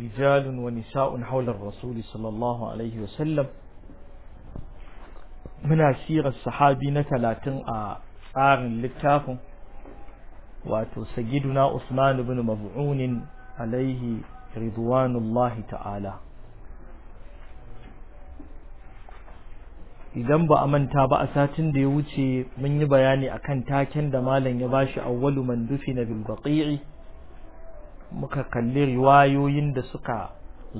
رجال ونساء حول الرسول صلى الله عليه وسلم من سير الصحابي نتلاتن آر للتاف واتو سيدنا عثمان بن مبعون عليه رضوان الله تعالى idan ba a manta ba a satin da ya wuce mun yi bayani akan taken da malam ya bashi awwalu man dufina bil baqi'i muka kalli riwayoyin da suka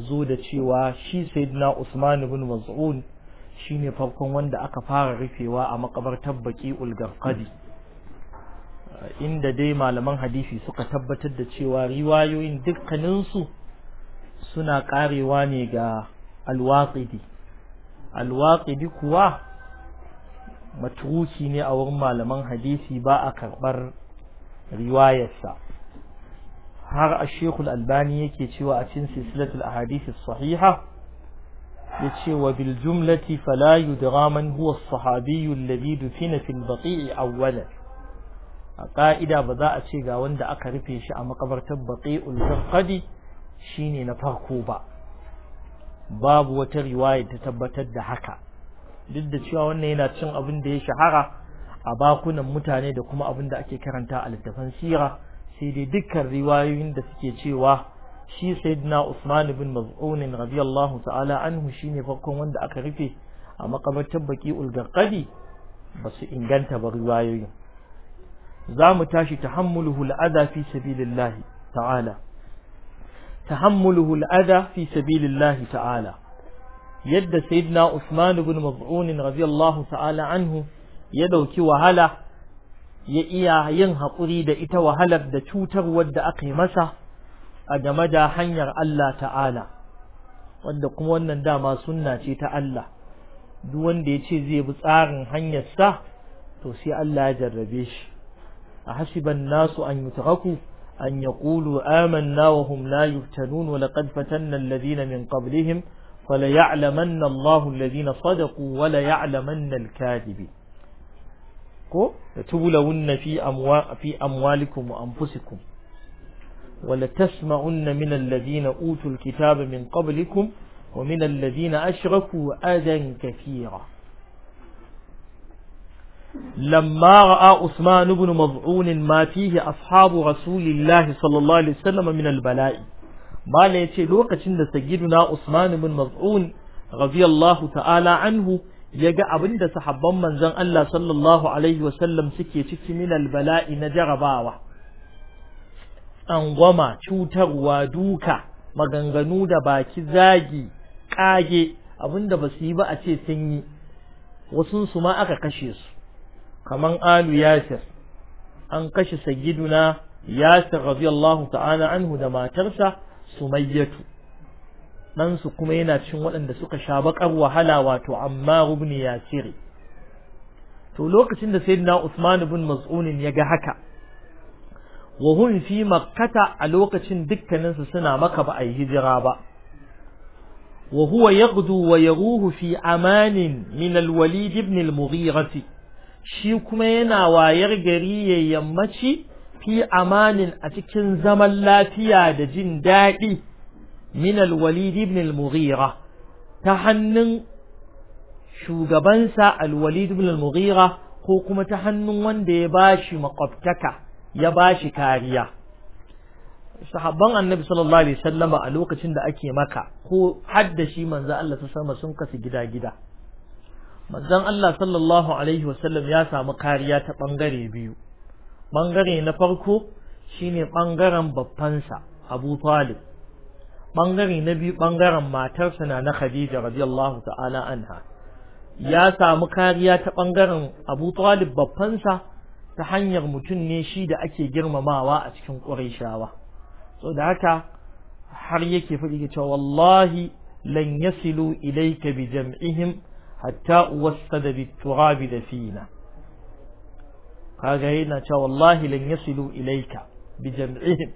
zo da cewa shi sayyidina Usman ibn Mas'ud shine farkon wanda aka fara rufewa a makabartar Baqi'ul Garqadi inda dai malaman hadisi suka tabbatar da cewa riwayoyin dukkaninsu suna karewa ne ga alwaƙidi waqidi kuwa maturuki ne a wurin malaman hadisi ba a karɓar riwayarsa har a shekul albani yake cewa a cin silsilatul ahadisi sahiha ya ce wa bil jumlati fala yudra man huwa sahabiyyu alladhi dufina fil bati'i awwalan a ka'ida ba za a ce ga wanda aka rufe shi a makabartar bati'ul zarqadi shine na farko ba babu wata riwaya ta tabbatar da haka duk da cewa wannan yana cin abin da ya shahara a bakunan mutane da kuma abin da ake karanta a littafan sira sai dai dukkan riwayoyin da suke cewa shi sayyidina Usman ibn Maz'un radiyallahu ta'ala anhu shine farkon wanda aka rufe a makabartar Baqi'ul Garqadi ba su inganta ba riwayoyin za mu tashi tahammuluhu al'adha fi sabilillahi ta'ala tahammuluhu al'adha fi sabilillahi ta'ala yadda sayyidina Usman ibn Maz'un radiyallahu ta'ala anhu ya dauki wahala ya iya yin haƙuri da ita wahalar da cutar wadda aka yi masa a game da hanyar Allah ta'ala wanda kuma wannan dama sunna ce ta Allah duk wanda ya ce zai bi tsarin hanyar sa to sai Allah ya jarrabe shi a hasiban nasu an yutaraku an yaqulu amanna wa hum la yuftanun wa laqad fatanna alladhina min qablihim فليعلمن الله الذين صدقوا وليعلمن الكاذبين ko da tubula wunna fi amwa fi amwalikum wa anfusikum wa la tasma'unna min alladhina utul kitaba min qablikum wa min alladhina ashraku adan kathira lamma ra'a usman ibn maz'un ma fihi ashabu rasulillahi sallallahu alaihi wasallam min albala'i mala yace lokacin da sagiduna usman ibn maz'un radiyallahu ta'ala anhu ya ga abin da sahabban manzon Allah sallallahu alaihi wasallam suke ciki min albala'i na jarabawa angwama cutarwa duka maganganu da baki zagi kage abinda ba su yi ba a ce sun yi wasun su ma aka kashe su kaman alu yasir an kashe sayyiduna yasir radiyallahu ta'ala anhu da matarsa sumayyatu ɗansu kuma yana cin waɗanda suka sha baƙar wahala wato amma ya cire. to lokacin da sayyidina Usman ibn Mas'un ya ga haka wa hum fi makkata a lokacin dukkaninsu suna maka ba a yi hijira ba wa huwa yaghdu wa yaruhu fi amanin min al-Walid ibn al shi kuma yana wayar gari ya yammaci fi amanin a cikin zaman lafiya da jin daɗi min al-walid ibn al-mughira ta hannun shugabansa al-walid ibn al-mughira ko kuma ta hannun wanda ya bashi makwabtaka ya bashi kariya sahabban annabi sallallahu alaihi wasallama a lokacin da ake maka ko hadda shi manzo Allah ta sama sun kasu gida-gida manzon Allah sallallahu alaihi wasallam ya samu kariya ta bangare biyu bangare na farko shine bangaren baffansa Abu Talib Ɓangare na biyu bangaren matarsa na na Khadija radiyallahu ta'ala anha ya samu kariya ta ɓangaren Abu Talib babbansa ta hanyar mutum ne shi da ake girmamawa a cikin Qurayshawa so da haka har yake faɗi cewa wallahi lan yasilu ilayka bi jam'ihim hatta uwassada bi turab da fina kaga yana cewa wallahi lan yasilu ilayka bi jam'ihim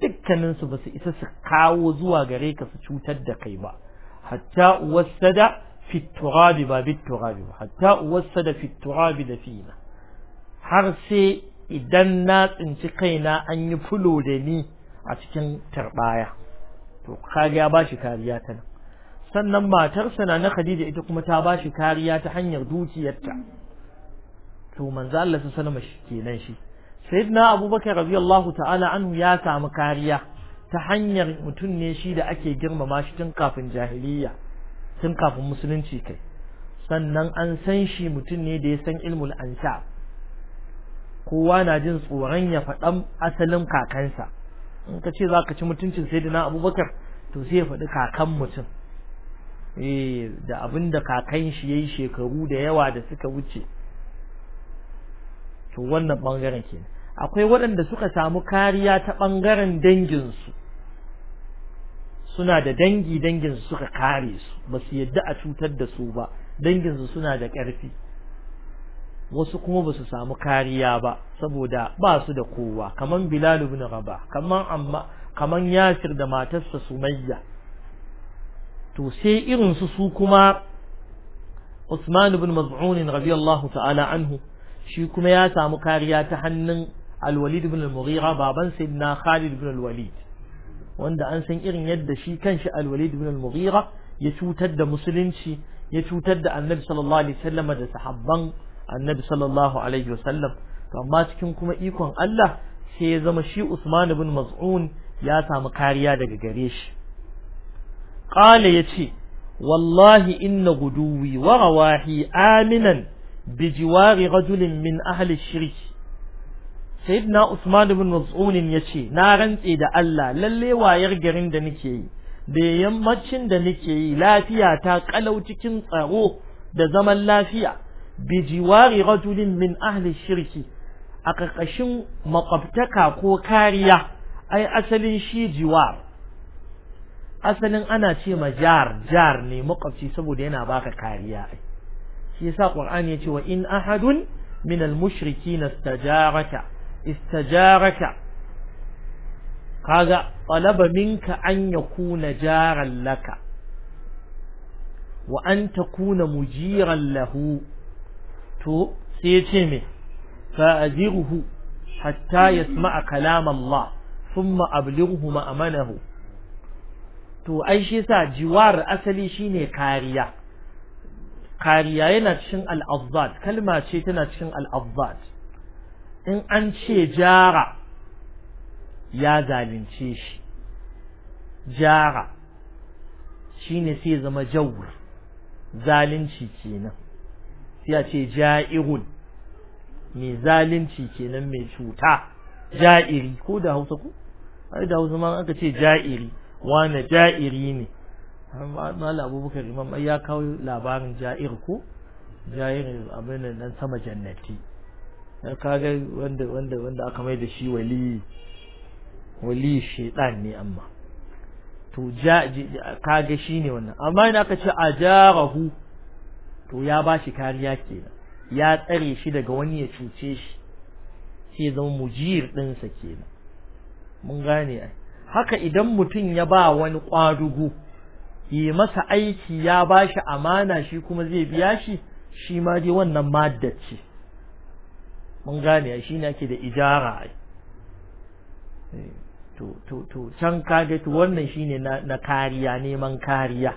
dukkaninsu ba su isa su kawo zuwa gare ka su cutar da kai ba hatta uwassada fi turabi ba bi turabi ba hatta uwassada fi turabi da fina har sai idan na tsinci kaina an yi fulo da ni a cikin tarbaya to kariya ba shi kariya ta nan sannan matarsa na na Khadija ita kuma ta ba shi kariya ta hanyar dukiyarta to manzo Allah sallallahu alaihi wasallam shi kenan shi Saidina abubakar radiyallahu ta'ala anhu ya samu kariya ta hanyar mutum ne shi da ake girmama shi tun kafin jahiliya tun kafin musulunci kai sannan an san shi mutum ne da ya san ilmul ansa kowa na jin tsoron ya faɗan asalin kakansa in ka ce za ka ci mutuncin saidina abubakar to sai ya faɗi kakan mutum eh da abin da kakan shi ya yi shekaru da yawa da suka wuce to wannan ɓangaren kenan akwai waɗanda suka samu kariya ta ɓangaren danginsu suna da dangi danginsu suka kare su ba su yadda a cutar da su ba danginsu suna da ƙarfi wasu kuma ba su samu kariya ba saboda ba su da kowa kaman bilal ibn raba kaman amma kaman yasir da matarsa sumayya to sai irin su su kuma Usman ibn Maz'un radiyallahu ta'ala anhu shi kuma ya samu kariya ta hannun alwalid walid ibn al-mughira baban sayyidina khalid ibn al-walid wanda an san irin yadda shi kanshi alwalid walid ibn al-mughira ya cutar da musulunci ya cutar da annabi sallallahu alaihi wasallam da sahabban annabi sallallahu alaihi wasallam to amma cikin kuma ikon Allah sai ya zama shi Usman ibn Maz'un ya samu kariya daga gare shi qala yace wallahi inna guduwi wa rawahi aminan bijiwari rajulin min ahli shirki sayyidina Usman ibn Mas'un yace na rantse da Allah lalle wayar garin da nake yi da yammacin da nake yi lafiya ta kalau cikin tsaro da zaman lafiya bi jiwari rajulin min ahli shirki a ƙarƙashin makwabtaka ko kariya ai asalin shi jiwar asalin ana ce ma jar jar ne makwabci saboda yana baka kariya ai shi yasa qur'ani ce wa in ahadun min al-mushrikeena istajaraka istajaraka kaga talaba minka an yakuna jaran laka wa an takuna mujiran lahu to sai yace me fa ajiruhu hatta yasma'a kalam Allah thumma ablighu ma'amanahu to ai shi sa jiwar asali shine kariya kariya yana cikin al-afzad kalma ce tana cikin al-afzad in an ce jara ya zalunce shi jara shi shine sai zama jawur zalunci kenan sai a ce ja'irun mai zalunci kenan mai cuta ja'iri ko da hausa ko ai da hausa ma aka ce ja'iri wane ja'iri ne mala abubakar imam ya kawo labarin ja'ir ko jairin abin nan sama jannati kaga wanda wanda wanda aka mai da shi wali wali shaytan ne amma to ja kaga ne wannan amma idan aka ce ajarahu to ya ba shi kariya kenan ya tsare shi daga wani ya cuce shi sai zama mujir ɗinsa kenan mun gane haka idan mutum ya ba wani kwadugu yi masa aiki ya ba shi amana shi kuma zai biya shi shi ma dai wannan maddaci ce mun gane shi ne ake da ijara eh, to to to can kage to wannan shine na na kariya neman kariya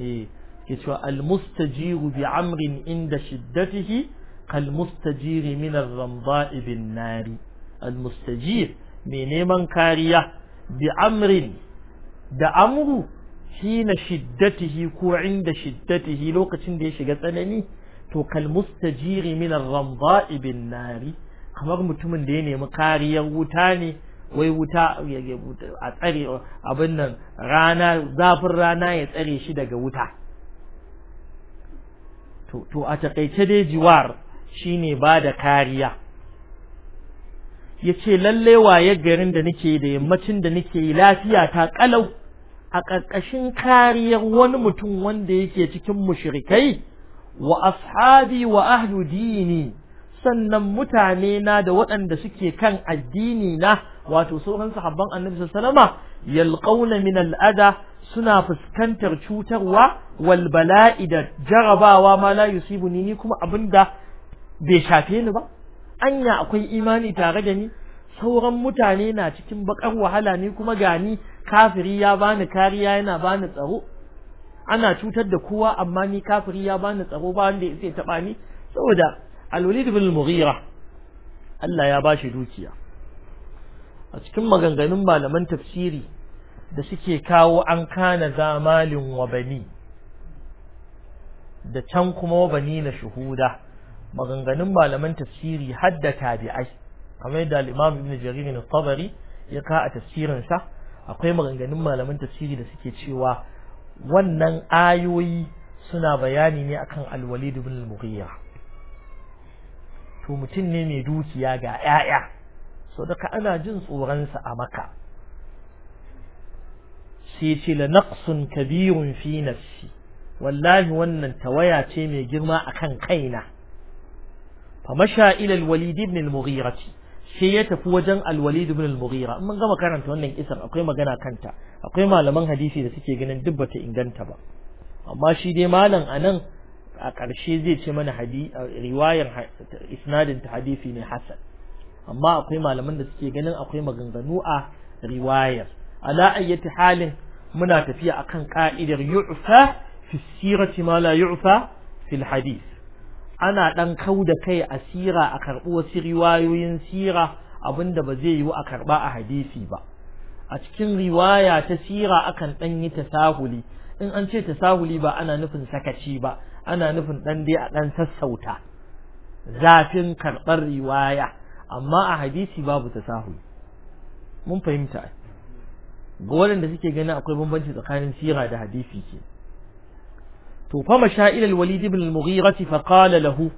eh ke cewa al mustajiru bi amrin inda shiddatihi kal mustajiri min ar ramda'i bin nari al mustajir mai neman kariya bi amrin da amru shi na shiddatihi ko inda shiddatihi lokacin da ya shiga tsanani to kal mustajiri min ar ramdhai bin nari kamar mutumin da ya nemi kariyar wuta ne wai wuta a tsare abin nan rana zafin rana ya tsare shi daga wuta to a takaice dai jiwar shine ba da kariya yace ce lalle waye garin da nake da yammacin da nake lafiya ta kalau a ƙarƙashin kariyar wani mutum wanda yake cikin mushrikai wa ashabi wa ahlu dini sannan mutane na da waɗanda suke kan addini na wato sauran sahabban annabi sallama yalqauna min al'ada suna fuskantar cutarwa wal bala'i da jarabawa ma la yusibuni ni kuma abin da bai shafe ni ba anya akwai imani tare da ni sauran mutane na cikin bakar wahala ni kuma gani kafiri ya bani kariya yana bani tsaro ana cutar da kowa amma ni kafiri ya bani tsaro ba wanda zai taba ni saboda al-walid bin mughira Allah ya bashi dukiya a cikin maganganun malaman tafsiri da suke kawo an kana zamalin wa bani da can kuma wa bani na shuhuda maganganun malaman tafsiri hadda tabi'ai kamar da al-imam ibn jarir bin tabari ya ka a tafsirin sa akwai maganganun malaman tafsiri da suke cewa wannan ayoyi suna bayani ne akan alwalid ibn al-mughira to mutum ne mai dukiya ga 'ya'ya so daga ana jin tsoronsa a maka sai ce la naqsun kabirun fi nafsi wallahi wannan tawaya ce mai girma akan kaina fa masha ila al ibn al-mughirati sai ya tafi wajen alwalid ibn al-mughira mun gama karanta wannan isar akwai magana kanta akwai malaman hadisi da suke ganin duk bata inganta ba amma shi dai malam anan a ƙarshe zai ce mana riwayar isnadin ta hadisi ne hasan amma akwai malaman da suke ganin akwai maganganu a riwayar ala ayyati halin muna tafiya akan ka'idar yu'fa fi sirati ma la yu'fa fil hadisi. ana ɗan kau da kai a sira a karɓi wasu riwayoyin sira abinda ba zai yiwu a karɓa a hadisi ba a cikin riwaya ta sira akan ɗan yi tasahuli in an ce tasahuli ba ana nufin sakaci ba ana nufin ɗan dai a ɗan sassauta zafin karɓar riwaya amma a hadisi babu tasahuli mun fahimta ga waɗanda suke ganin akwai bambanci tsakanin sira da hadisi ke to fa masha ila al-walid ibn al-mughira fa qala lahu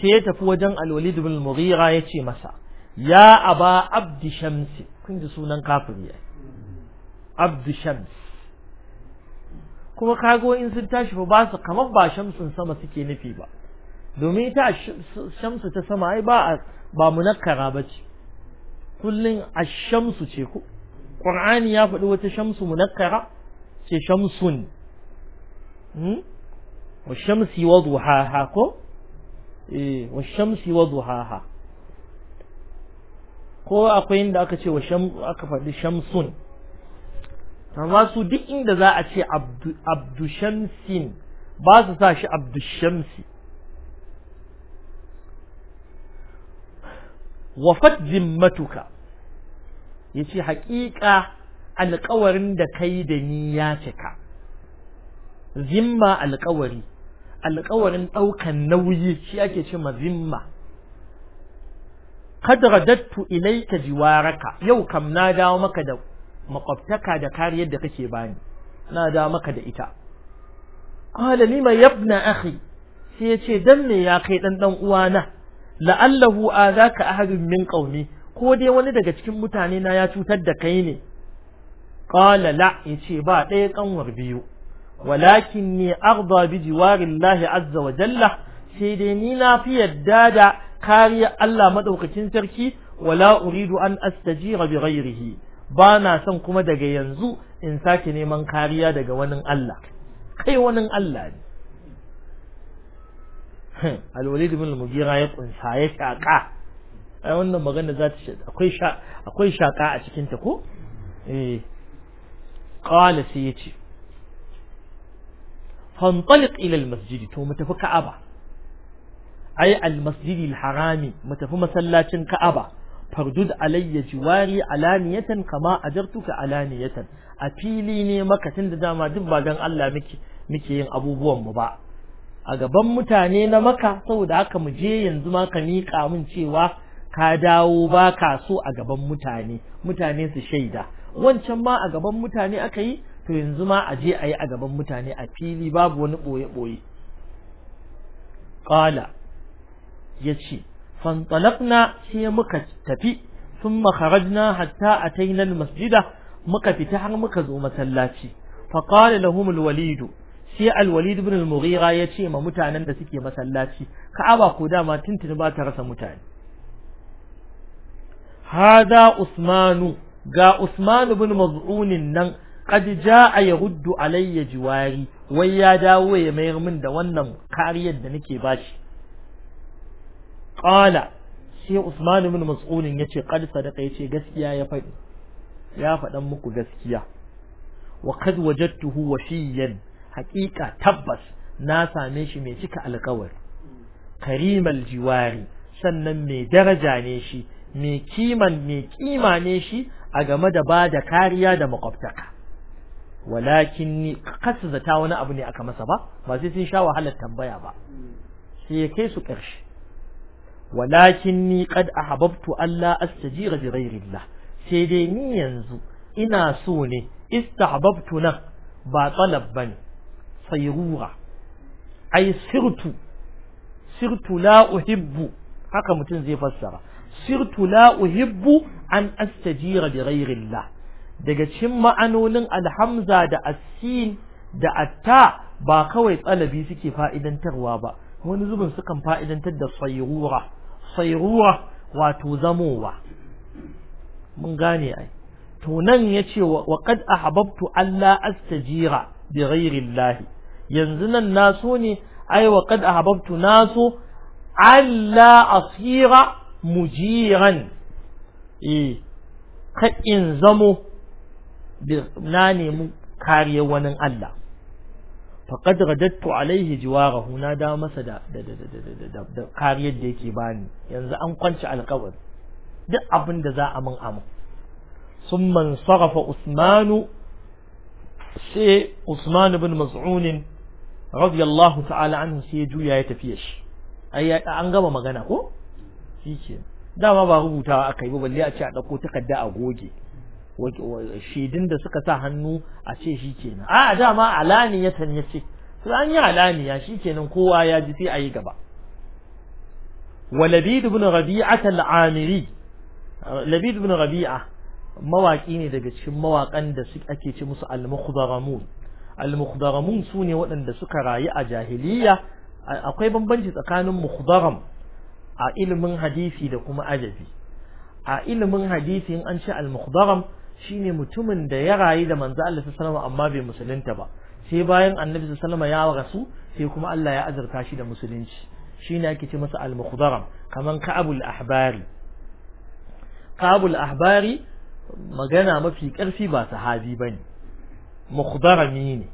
sai ya tafi wajen al-walid ibn al-mughira yace masa ya aba abd shams kun ji sunan kafiri ya abd shams kuma kago in sun tashi fa ba su kamar ba shamsun sama suke nufi ba domin ita shamsu ta sama ai ba ba munakkara bace kullun ash-shamsu ce ku Qur'ani ya faɗi wata shamsu munakkara ce shamsun والشمس وضحاها كو والشمس وضحاها ko akwai inda aka ce wa aka faɗi shamsun amma su duk inda za a ce abdu shamsin ba su sa shi abdu shamsi wafat zimmatuka ya ce haƙiƙa alƙawarin da kai da ni ya cika zimma alƙawari alƙawarin ɗaukan nauyi shi ake ce ma zimma kad radattu ilayka jiwaraka yau kam na dawo maka da makwabtaka da kariyar da kake bani na dawo maka da ita qala lima yabna akhi sai yace dan me ya kai dan dan uwana la'allahu azaka ahadun min qaumi ko dai wani daga cikin mutane na ya cutar da kai ne qala la yace ba ɗaya kanwar biyu walakin ne arda bi jiwarillahi azza wa jalla sai dai ni na fi yadda da kariya Allah madaukakin sarki wala uridu an astajira bi ghairihi ba na son kuma daga yanzu in sake neman kariya daga wani Allah kai wani Allah ne alwalid ibn al-mughira ya ya shaka ai wannan magana za ta akwai a cikin ta ko eh. sai yace fantalik ilal masjidi to mu tafi ka'aba ai al masjidi harami mu tafi masallacin ka'aba fardud alayya jiwari alaniyatan kama ajartuka alaniyatan a fili ne maka tun da dama duk ba dan Allah muke muke yin abubuwan mu ba a gaban mutane na maka saboda haka mu je yanzu ma ka miƙa mun cewa ka dawo ba ka so a gaban mutane mutane su shaida wancan ma a gaban mutane aka yi to yanzu ma a je a yi a gaban mutane a fili babu wani ɓoye-ɓoye ƙala ya ce fantalafna sai muka tafi sun makarajna hatta a tainan masjida muka fita har muka zo masallaci faƙala humul walidu sai alwalid ibn al yace ya ce ma mutanen da suke masallaci ka'aba ko dama tuntuni ba ta rasa mutane hada usmanu ga Usmanu ibn maz'unin nan qad jaa yahuddu alayya jiwari wai ya dawo ya mayar min da wannan kariyar da nake bashi qala sai Usman ibn Mas'ud yace qad sadaqa yace gaskiya ya faɗi ya faɗan muku gaskiya wa qad wajadtuhu washiyan haqiqa tabbas na same shi mai cika alƙawari karimal jiwari sannan mai daraja ne shi mai kiman mai kima ne shi a game da bada kariya da makwabtaka walakin ni kasu wani abu ne aka masa ba ba sai sun sha wahalar tambaya ba sai ya kai su ƙarshe walakin ni qad Allah alla astajira bi ghayrillah sai dai ni yanzu ina so ne istahbabtu na ba talab bane sayrura ai sirtu sirtu la uhibbu haka mutum zai fassara sirtu la uhibbu an astajira bi ghayrillah daga cikin ma'anonin alhamza da asin da atta ba kawai tsalabi suke fa'idantarwa ba wani zubin sukan fa'idantar da sayrura sayrura wato zamowa mun gane ai to nan yace wa qad ahbabtu alla astajira bi ghairi yanzu nan naso ne ai wa qad ahbabtu naso Allah asira mujiran eh ka in zamo na nemi kariyar wani Allah faqad radattu alaihi jiwarahu na da masa da da kariyar da yake bani yanzu an kwanci alƙawari duk abin da za a min amin sun man sarrafa usmanu sai usman bin mas'unin radiyallahu ta'ala anhu sai ya juya ya tafiya shi ai an gama magana ko shi ke dama ba rubutawa aka yi ba balle a ce a ɗauko takarda a goge shidin da suka sa hannu a ce shi kenan a dama alaniyatan ya ce to an yi alaniya shi kenan kowa ya ji sai a yi gaba walabid ibn rabi'at al-amiri labid ibn rabi'a mawaki ne daga cikin mawakan da suke ake ce musu al-mukhdaramun al-mukhdaramun sune waɗanda suka rayu a jahiliya akwai bambanci tsakanin mukhdaram a ilimin hadisi da kuma ajabi a ilimin hadisi in an ce al-mukhdaram shine mutumin da ya rayu da manzo Allah sallallahu alaihi amma bai musulunta ba sai bayan annabi sallallahu ya rasu sai kuma Allah ya azurta shi da musulunci shine ake ce masa al-mukhdaram kaman ka'abul ahbari ka'abul ahbari magana mafi karfi ba sahabi bane mukhdarami ne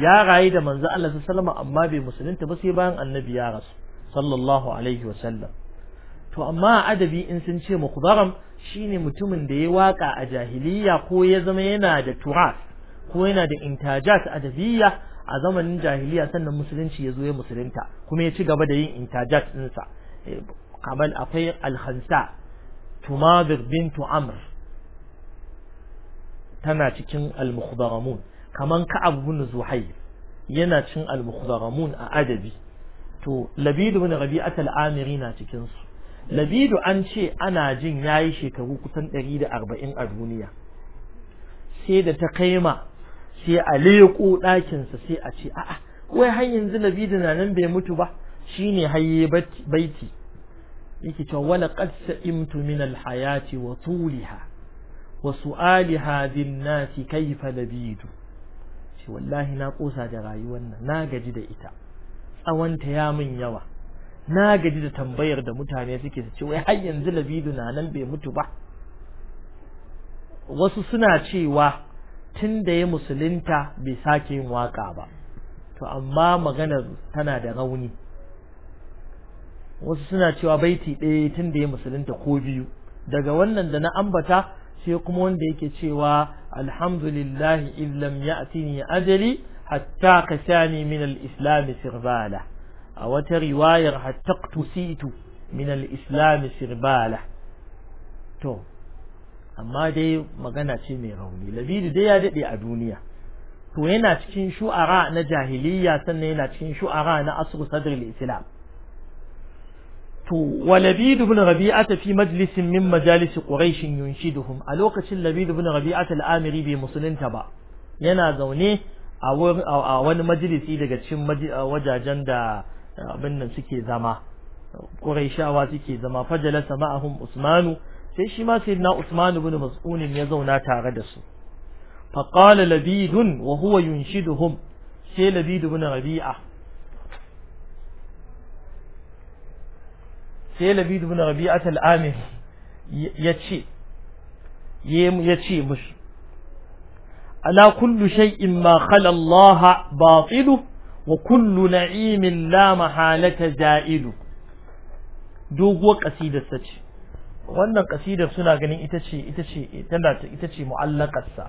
ya rayu da manzo Allah sallallahu alaihi amma bai musulunta ba sai bayan annabi ya rasu sallallahu alaihi wasallam to amma adabi in sun ce mukhdaram shine mutumin da ya waka a jahiliya ko ya zama yana da turas ko yana da intajat adabiyya a zamanin jahiliya sannan musulunci ya zo ya musulunta kuma ya ci gaba da yin intajat ɗinsa eh, kamar akwai alhansa tumadir bintu amr tana cikin al-mukhbaramun kaman ka'ab bin zuhayr yana cikin al-mukhbaramun a adabi to labid bin rabi'at al-amiri na cikin su labidu an ce ana jin ya yi shekaru kusan ɗari da arba'in a duniya sai da ta kaima sai a leƙo ɗakinsa sai a ce a'a wai har yanzu labidu na nan bai mutu ba shine hayye baiti yake cewa wala qad sa'imtu min alhayati wa tuliha wa su'ali hadin nasi kayfa labidu shi wallahi na ƙosa da rayuwar nan na gaji da ita tsawonta ya min yawa na gaji da tambayar da mutane suke su ce wai har yanzu labidu na nan bai mutu ba wasu suna cewa tun da ya musulunta bai sake yin waka ba to amma maganar tana da rauni wasu suna cewa baiti ɗaya tun da ya musulunta ko biyu daga wannan da na ambata sai kuma wanda yake cewa alhamdulillahi illam ya'tini ajali hatta kasani min al-islam sirbala a wata riwayar hattaktusitu min al-islam sirbala to amma dai magana ce mai rauni labidu dai ya dade a duniya to yana cikin shu'ara na jahiliya sannan yana cikin shu'ara na asru sadr al-islam to wa labidu ibn rabi'ata fi majlisin min majalis quraish yunshiduhum a lokacin labidu ibn rabi'ata al-amiri bai musulunta ba yana zaune a wani majalisi daga cikin wajajen da abin nan suke zama quraishawa suke zama fajalasa ma'ahum usmanu sai shi ma na usman ibn mas'un ya zauna tare da su fa qala labid wa huwa yunshiduhum sai labid ibn rabi'a sai labid ibn rabi'a al-amir yace yace mushi ala kullu shay'in ma khala Allah batiluhu وكل نعيم لا محالة زائد doguwar ƙasidarsa ce wannan ƙasidar suna ganin ita ce ita ce tana ita ce mu'allakarsa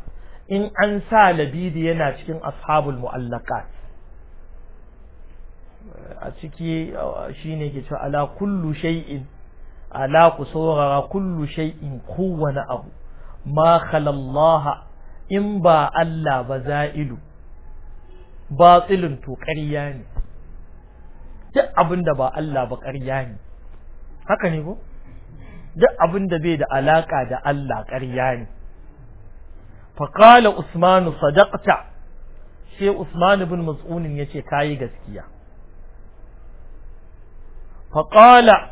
in an sa labidi yana cikin ashabul mu'allakat a ciki shine ke cewa ala kullu shay'in ala ku saurara kullu shay'in kowane abu ma khalallaha in ba Allah ba za'ilu batilun to ƙarya ne duk abin da ba Allah ba ƙarya ne haka ne ko duk abin da bai da alaka da Allah ƙarya ne fa qala usman sadaqta sai usman ibn mas'un yace kai gaskiya fa qala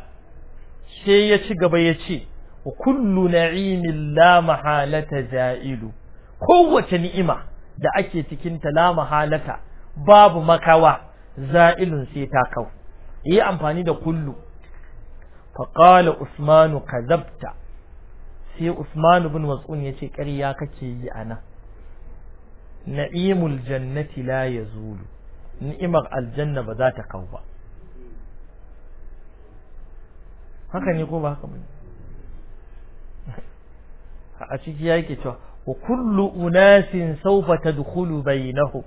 sai ya ci gaba yace wa kullu na'imin la mahalata za'ilu kowace ni'ima da ake cikin ta la mahalata babu makawa za'ilun sai ta kau yi amfani da kullu faƙala usmanu kazabta sai usmanu bin mas'un ya ƙarya kake yi a na'imul jannati la ya ni'imar aljanna ba za ta kau ba haka ne ko ba haka bane a ciki yake cewa wa kullu unasin sawfa tadkhulu bainahum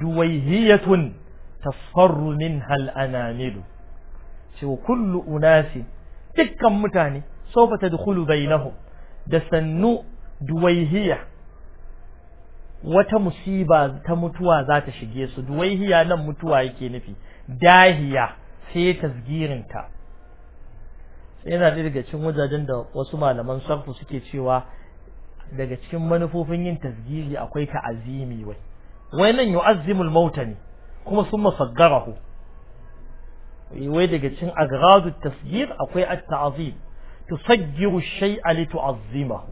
duwaihiyatun tafarru minha ce wa kullu unasi dukkan mutane sofa tadkhulu bainahu. da sannu duwaihiya wata musiba ta mutuwa za ta shige su duwaihiya nan mutuwa yake nufi dahiya sai tasgirinta yana da daga cikin wajajen da wasu malaman sarfu suke cewa daga cikin manufofin yin tasgiri akwai azimi wai wai nan yu'azzimul mauta ne kuma sun masaggarahu wai daga cin agradu tasgir akwai at-ta'zim tusaggiru shay'a li tu'azzimahu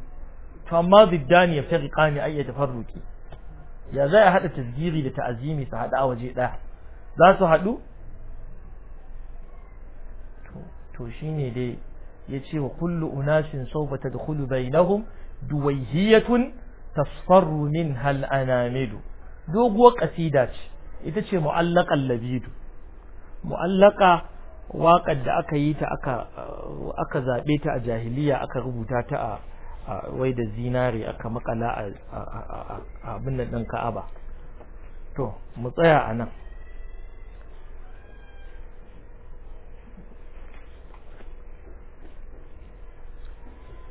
to amma biddani ya farqa ne ay tafarruqi ya zai hada tasgiri da ta'zimi su hada a waje daya za su hadu to shine dai yace wa kullu unasin sawfa tadkhulu bainahum duwayhiyatun tasfarru min hal anamidu doguwar kasida ce ita ce mu'allaqal labidu mu'allaqa waƙar da aka yi ta aka aka zabe ta a jahiliya aka rubuta ta a wai da zinare aka makala a abin nan Ka'aba to mu tsaya anan